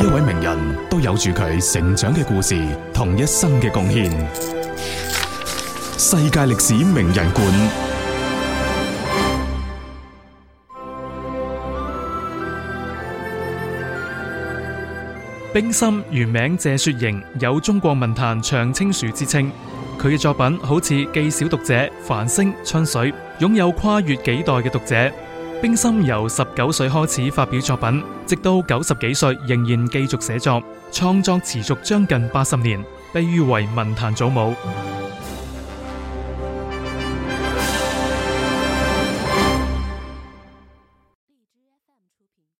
一位名人都有住佢成長嘅故事同一生嘅貢獻。世界歷史名人館。冰心原名謝雪瑩，有中國文壇長青樹之稱。佢嘅作品好似《寄小讀者》《繁星》《春水》，擁有跨越幾代嘅讀者。冰心由十九歲開始發表作品，直到九十幾歲仍然繼續寫作，創作持續將近八十年，被譽為文壇祖母。